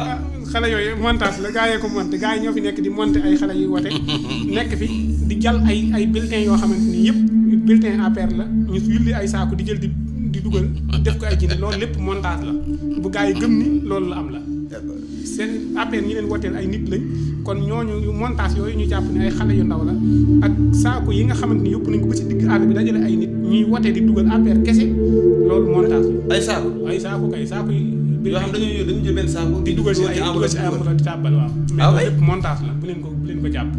ah xale yooyu montage la gaa yee ko monté gaa yi ñoo fi nekk di monté ay xale yu wate nekk fi di jal ay ay bulletin yoo xamante nii yëpp bulletin APR la ñu yulli ay saako di jël di di dugal def ko ay jinne loolu lépp montage la bu gaa yi gëm ni loolu la am la seen appel ñi leen wooteel ay nit lañ kon ñooñu montage yooyu ñu jàpp ne ay xale yu ndaw la ak saako yi nga xamante ni yóbbu nañ ko ba ci digg àll bi dajale ay nit ñuy wote di dugal appel kese loolu montage ay saako ay saako kay saako yi yoo xam dañuy dañuy jël benn saako di dugal si ay dugal si ay enveloppe di tàbbal waaw ah mais lépp montage la bu leen ko bu leen ko jàpp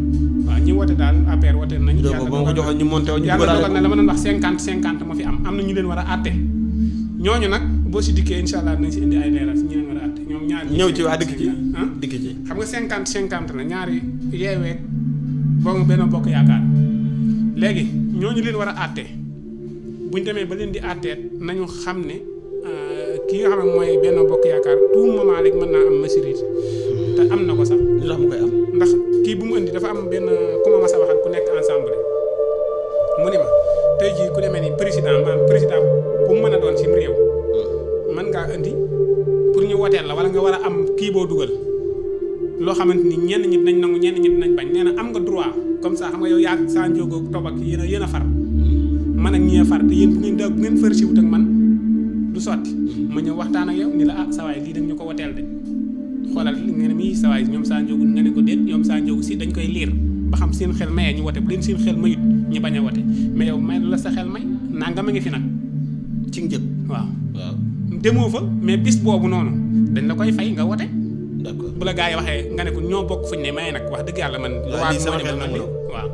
waaw ñi wote daal APR wote nañ yàlla dogal na la ma doon wax cinquante cinquante moo fi am am na ñu leen war a àtte ñooñu nag boo si dikkee incha allah nañ si indi ay leeral ñu leen war a àtte ñoom ñaar ñëw ci waa dikk ci ah? dikk ci xam nga cinquante cinquante na ñaari yeewee boobu benn bokk yaakaar léegi ñooñu leen war a àtte buñ demee ba leen di àtteet nañu xam ne euh, ki nga xam ne mooy benn bokk yaakaar tout moment rek mën naa am maturité te am na ko sax li tax mu koy am ndax kii bu mu indi dafa am benn ku ma mas a waxal ku nekk ensemble mu ni ma tey ku ya. hmm. demee ni président maanaam président bu mu mën a doon ci réew. mën ngaa indi pour ñu woteel la wala nga war a am kii boo dugal loo xamante ni ñenn ñi dinañ nangu ñenn ñi dinañ bañ nee na am nga droit comme ça xam nga yow yaa saa njóogoo toog ak yéen a yéen a far. Hmm. man ak ñi far te yéen bu ngeen da ngeen fër si wut ak man du sotti. ma ñëw waxtaan ak yow ya, ni la ah sa waay lii dañ ñu ko woteel de xoolal li ngeen mi sa waay ñoom saan njóogu nga ne ko déet ñoom saan njóogu si dañ koy lire. ba xam seen xel mayee ñu wote bu leen seen xel mayut ñu bañ a wote mais yow may la sa xel may nangam a ngi fi nag ci njëg waaw. waaw demoo fa mais bis boobu noonu dañ la koy fay nga wote. d'accord bu la gaa yi waxee nga ne ko ñoo bokk fuñ ne maye nag wax dëgg yàlla man. waaw lii sama xel nangu waaw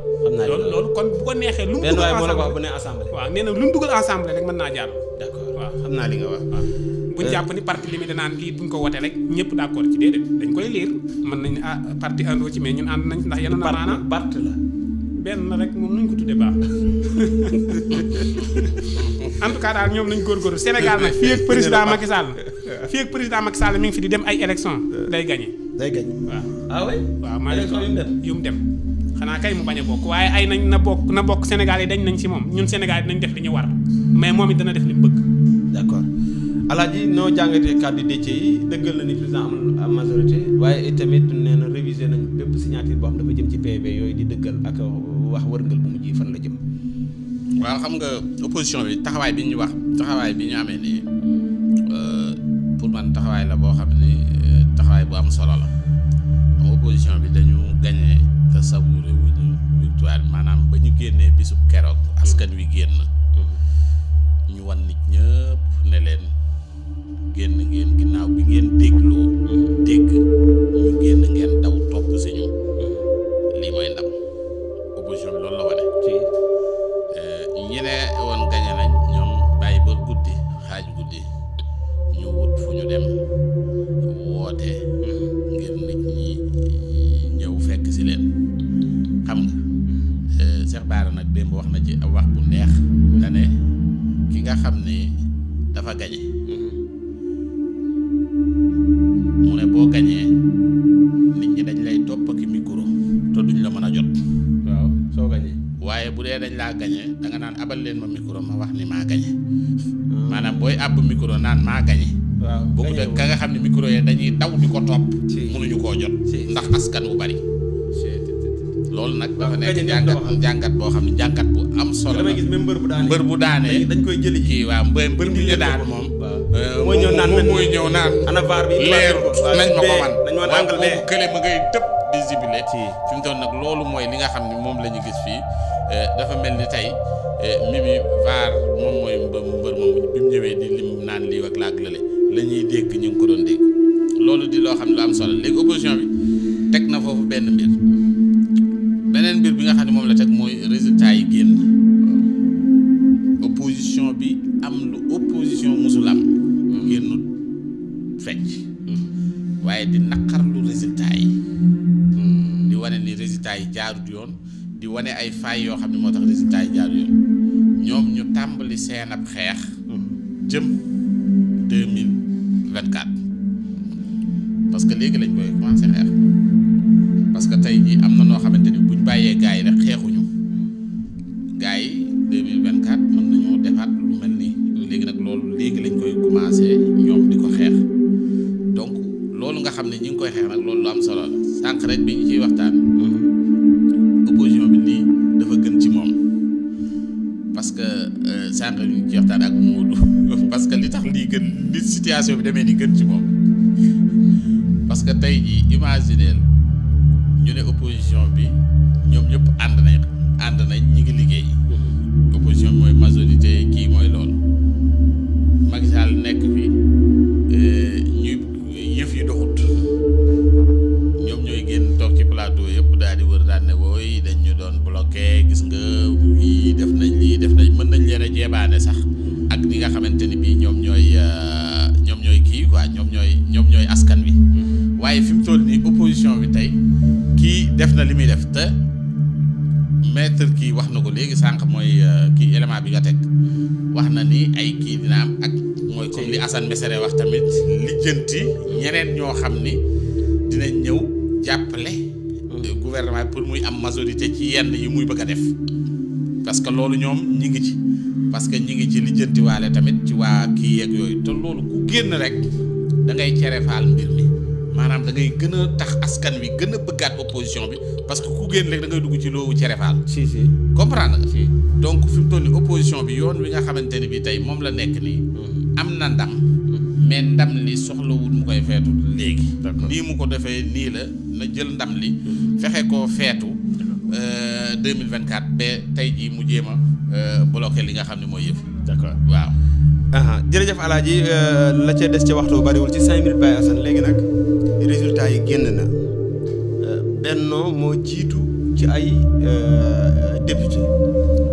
loolu loolu kon bu ko neexee. lu mu dugal assemblée benn waay bu ne assemblée. waaw nee na lu mu dugal assemblée rek mën naa jàll. d'accord waaw xam naa li nga wax waaw. buñ japp ni parti limi mi danaan lii buñ ko woté rek ñepp d'accord ci dédé dañ koy lire mën nañ ah parti ando ci mais ñun and nañ ndax yéna na na part la ben rek mom nuñ ko tuddé ba en tout cas daal ñoom nañ gor Sénégal nak fi ak président Macky Sall fi ak président Macky Sall mi ngi fi di dem ay élection day gagné day gagné wa ah oui waaw maa ngi yu mu dem xana kay mu bañ bok waye ay nañ na bok na bok sénégalais dañ nañ ci mom ñun sénégalais yi def li ñu war mais momi dana def li bëgg d'accord alaaji noo jàngatee kàddu décce yi dëggal na ni président am majorité waaye tamit nee na révisé nañ bépp signature boo xam dafa jëm ci PV yooyu di dëggal ak wax wërngal bu mujj fan la jëm. waaw xam nga opposition bi taxawaay bi ñu wax taxawaay bi ñu amee nii euh, pour man taxawaay la boo xam ne euh, taxawaay bu am solo la xam opposition bi dañu gagné te savouré wuñu victoire maanaam ba ñu génnee bisub keroog askan wi génn mm-hmm. ñu wan nit ñëpp ne leen. génn ngeen ginnaaw bi ngeen dégloo dégg ñu génn ngeen daw topp si ñu lii mooy ndam opposition bi loolu la wane eh, ñi ne woon gañe nañ ñoom bàyyi ba guddi xaaj guddi ñu wut fu ñu dem woote ngir nit ñi ñëw fekk si leen xam nga eh, Cheikh Bara nag démb wax na ci wax bu neex nga ne ki nga xam ni dafa gañe jàngat jàngat boo xam ne jàngat bu am solo la mbër bu daanee dañ koy jëli kii waa mbër mbër mi ñu daan moom mooy ñëw naan mooy ñëw naan ana vaar bi leeru nañ ma ko man dañ ma angal bee ma ngay tëb di jibile fi mu toll nag loolu mooy li nga xam ne moom lañu gis fii eh, dafa mel ni tey eh, Mimi vaar moom mooy mbër mbër moom bi ñëwee di lim naan lii ak laak lële la ñuy dégg ñu ngi ko doon dégg loolu di loo xam ne lu am solo léegi opposition bi teg wane ay failles yoo xam ne moo tax résultat yi jaar yoon ñoom ñu tàmbali seen ab xeex hmm. jëm yebaane sax ak ñi nga xamante ni bii ñoom ñooy euh, ñoom ñooy kii quoi ñoom ñooy ñoom ñooy askan wi mm-hmm. waaye fi mu nii opposition bi tey kii def na li muy def te kii wax na ko léegi sànq mooy euh, kii élément bi nga teg wax na ni ay kii dina am ak mooy comme li Assane Mesere wax tamit lijjanti ñeneen ñoo xam ni dinañ ñëw jàppale mm-hmm. euh, gouvernement pour muy am majorité ci yenn yi muy bëgg a def parce que loolu ñoom ñi ngi ci parce que ñi ngi ci lijjantiwaale tamit ci waa kii yeeg yooyu te loolu ku génn rek da ngay cerefaal mbir mi maanaam da ngay gën a tax askan wi gën a bëggaat opposition bi parce que ku génn rek da dugg ci loowu cerefaal si si comprendre nga si donc fi mu toll nii opposition bi yoon wi nga xamante ne bi tey moom la nekk nii hmm. am na ndam mais ndam li soxlawul mu koy feetu léegi nii mu ko defee nii la na jël ndam li hmm. fexe ko feetu 2024 euh, ba tey jii mu jéem a Euh, bloqué li nga xam ne mooy yëf. d'accord waaw. jërëjëf alaaji euh, la cee des ci waxtu bariwul ci cinq minutes Baye Assane léegi nag résultat yi génn na euh, Benno moo jiitu ci ay député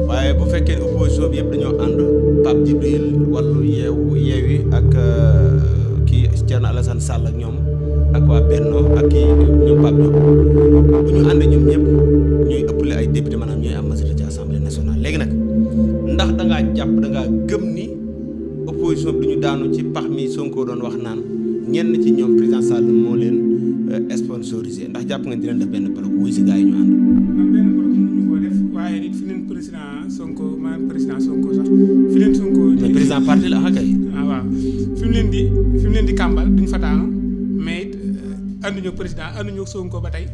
waaye bu fekkee ne opposition bi dañoo ànd Pape Djibril wàllu yeewu yeewi ak kii Thierno Alassane Sall ak ñoom ak waa Benno ak kii ñoom Pape Diop jàpp da ngaa gëm ni opposition bi du ñu daanu ci pax mi Sonko doon wax naan ñenn ci ñoom président Sall moo leen euh, sponsorisé ndax jàpp nga dina def benn bloc wuy si gars yi ñu ànd. benn bloc mënuñu ko def waaye fi leen président Sonko leen Sonko. mais président parti la ah kay. ah waaw fi mu leen di fi mu leen di kàmbal duñ fa daanu mais it euh, ànduñu président ànduñu Sonko ba tey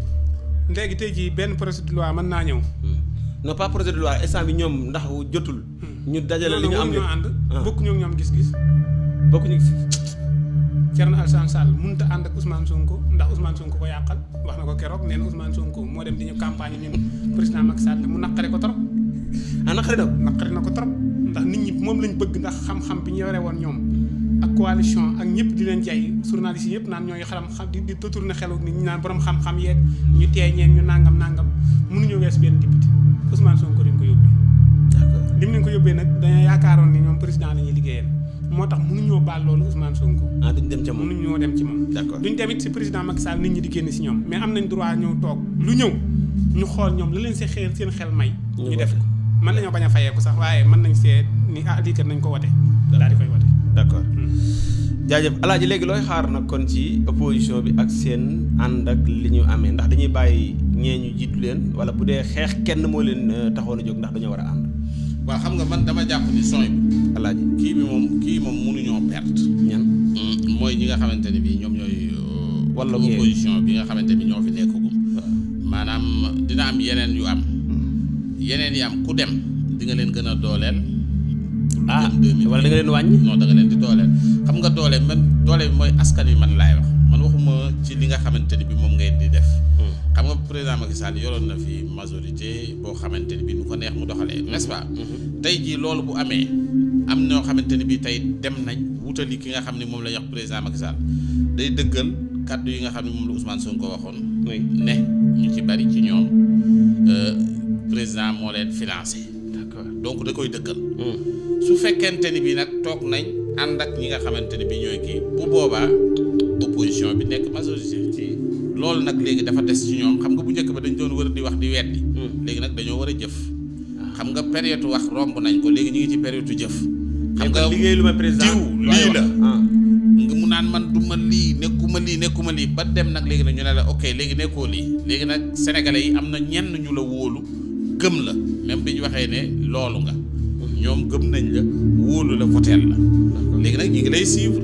léegi tey jii benn projet de loi mën naa ñëw. Hmm. non pas projet de loi instant bi ñoom ndax jotul. ñu dajale li ñu am ñoo ànd ah. ñu ñam gis-gis bokku ñu gis Thierno alsan sal munta and ak Ousmane Sonko ndax Ousmane Sonko ko yakal waxna ko kérok nee Ousmane Sonko mo dem di ñu campagne ñun président Macky Sall mu naqare ko torop ana ah, naqare do naqare nako torop ndax nit ñi mom lañ bëgg ndax xam-xam bi ñu ak coalition ak ñëpp di leen jay journalist yëpp naan ñoy xalam xam di détourné xelu nit ñi naan borom xam-xam yeeg ñu teeñeen ñu nangam nangam ñu wess benn député Ousmane Sonko lim nañ ko yóbbee nag dañoo yaakaaroon ni ñoom président la ñuy liggéeyal moo tax mënuñoo baal loolu Ousmane Sonko. ah duñ dem ci moom mënuñoo dem ci moom. d'accord duñ tamit si président ñu xool ñoom la leen si xeel seen xel may. ñu def ko mën nañoo bañ a fayeeku sax waaye man nañ see ni ah lii kat nañ ko wote. daal di koy wote d'accord. Hmm. jaajëf alaaji léegi looy xaar nag kon ci opposition bi ak seen ànd ak li ñu amee ndax dañuy bàyyi ñee ñu jiitu leen wala bu dee xeex kenn moo leen euh, taxoon a jóg ndax dañoo war a ànd waa xam nga man dama jàpp ni sooy bi alaaji kii moom kii moom mënuñoo perte ñan mm, mooy ñi nga xamante ni bii ñoom ñooy euh, wala opposition bi nga xamante ni ñoo fi nekkagum maanaam dina am yeneen yu am hmm. yeneen yi am ku dem di nga leen gën a dooleel ah wala da nga leen wàññi non da nga leen di dooleel xam nga doole man doole bi mooy askan wi man laay wax waxuma ci li nga xamante ni bi moom ngeen di def. Hmm. xam nga président Macky Sall yoroon na fi majorité boo xamante ni bi bu ko neex mu doxalee n'est-ce pas. Hmm. tey jii loolu bu amee am ñoo xamante ni bi tey dem nañ wutali ki nga xam ne moom la ñu wax président Macky Sall day dëggal kàddu yi nga xam ne moom la Ousmane Sonko waxoon. ne ñu ci bari ci ñoom euh, président moo leen financé. d'accord donc da koy dëggal. Hmm. su fekkente ni bi nag toog nañ ànd ak ñi nga xamante ni bi ñooy kii bu boobaa. opposition bi nekk majorité mm. loolu nag léegi dafa des ci ñoom xam nga bu njëkk ba dañ doon wër di wax di weddi mm. léegi nag dañoo war a jëf ah. xam nga période wax romb nañ ko léegi ñu ngi ci période jëf xam nga liggéey lu ma président diw la ah. nga mu naan man du ma lii nekkuma lii lii ba dem nag léegi nag ñu ne la ok léegi nekkoo lii léegi nag sénégalais yi am na ñenn ñu la wóolu gëm la même bi waxee ne loolu nga mm. ñoom gëm nañ la wóolu la voteel la léegi nag ñu ngi lay suivre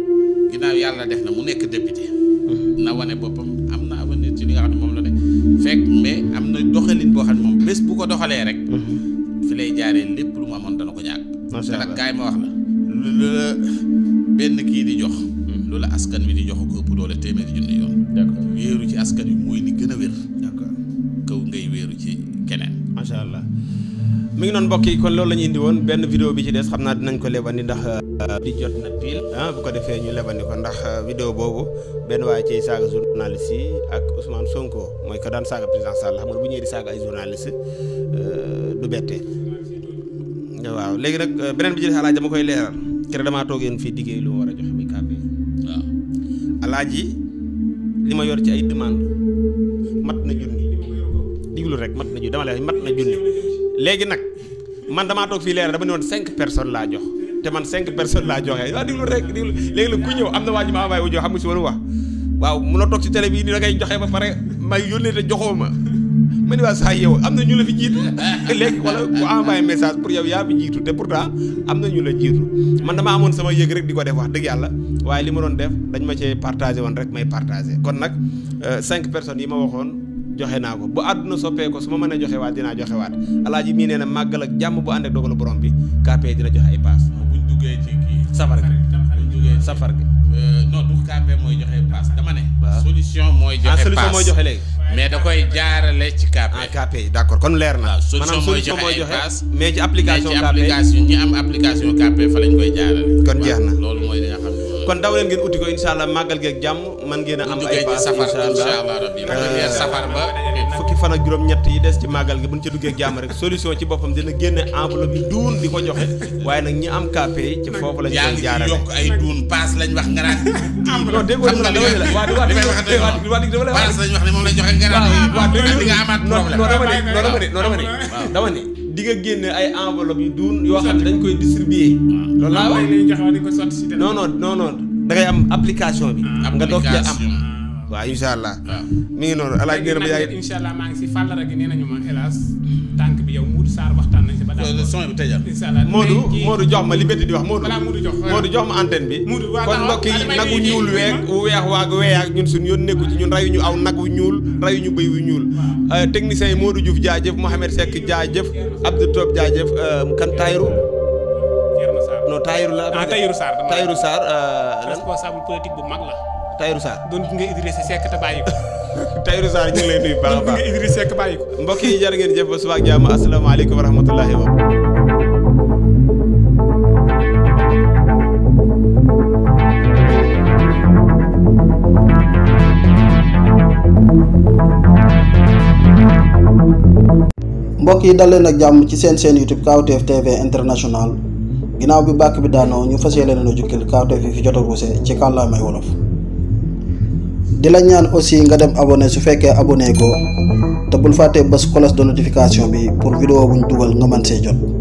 naan kaay ma wax la lu la benn kii di jox hmm. lu la askan wi di jox ko ëpp doole téeméeri junni yoon wéeru ci askan wi mooy li gën a wér d'accord kaw ngay wéeru ci keneen macha allah mi ngi noonu mbokk yi kon loolu la ñu indi woon benn vidéo bi ci des xam naa dinañ ko lebandi ndax di euh, jot na pile ah, bu ko defee ñu lebandi ko ndax euh, vidéo boobu benn waaye ci saaga journaliste ak Ousmane Sonko mooy ko daan saaga président Sall xam nga bu ñëwee di saaga ay journaliste euh, du bette waaw léegi nag euh, beneen bi ci alaaj dama koy leeral kere damaa toog yéen fii liggéey lu ma war a joxe muy kàddu yi waaw alaaj yi li ma yor ci ay demande mat na junni diglu rek mat na junni dama lay mat na junni léegi nag man damaa toog fii leeral dama ne woon cinq personnes laa jox te man cinq personnes laa joxe waaw diglu rek diglu léegi nag ku ñëw am na waaj ji ma envoyé audio xam nga si wala wax waaw munoo toog ci télé bi ni da ngay joxe ba pare may yónnee te joxoo ma ma ne waa saa yow am na ñu la fi jiitu léegi wala ku envoyé message pour yow yaa fi jiitu te pourtant am na ñu la jiitu man dama amoon sama yëg rek di ko def wax dëgg yàlla waaye li ma doon def dañ ma cee partagé woon rek may partagé kon nag euh, cinq personnes yi ma waxoon joxe naa ko bu àdduna soppee ko su ma mënee joxe waat dinaa joxe waat alaaji mii nee na màggal ak jàmm bu ànd ak dogalu borom bi KP dina joxe ay paas. buñ duggee ci kii. safar gi buñ duggee euh, mooy joxe paas dama ne. solution mooy ah, joxe paas mooy joxe léegi. mais da koy jaarale ci KP. ah KP d'accord kon leer na. waaw solution mooy joxe ay pass mais ci application KP mais am application KP fa lañ koy jaarale. kon jeex na loolu mooy kon daw leen ngeen uti ko incha allah màggal gi ak jàmm man ngeen a am ay paas incha allah euh, ba fukki fan ak juróom-ñett yi des ci màggal gi bu ci duggee jàmm rek solution ci boppam dina génne enveloppe yi duun di ko joxe waaye nag ñi am capé ci foofu lañ koy jaarale yokk ay duun paas lañ dama la waa di waa di waa di dama la paas moom lañ joxe nga nga amaat problème non dama ne di nga génne ay enveloppe yu duun yoo xam ne dañu koy distribuer. loolu laa wax non non non da ngay am application bi. am nga doog cee am. waaw incha allah. mi ngi noonu alaaj nee na ma yaa tànk bi yow Moodu Sarr waxtaan nañ si ba. daanaka son bi tëjal. incha allah jox ma li di wax Moodu. balaa jox ma antenne bi. Moodu waaw kon mbokk yi nagu ñuul weeg weex waag ñun suñu yoon nekku ci ñun ñu aw nag wu ñuul ñu bëy wu ñuul. Euh, technicien yi Moodu Diouf jaajëf Mouhamed Seck jaajëf Abdou Top jaajëf euh, kan Tayru non Tayru la. Ah, Tayru Sarr euh, responsable politique bu mag la Tahirou Sarr a baax doon gunge Idrissa Seck mbokk yi jërë ngeen jàmm ci seen seen YouTube Kawtef TV international ginnaaw bi bàkk bi daanoo ñu fas yéene na jukkil Kawtef yi fi jot a ruuse kàllaamay wolof dila ñaan aussi nga dem abonné su fekkee abonné ko te bul faté bés de notification bi pour vidéo buñ duggal nga mën sé jot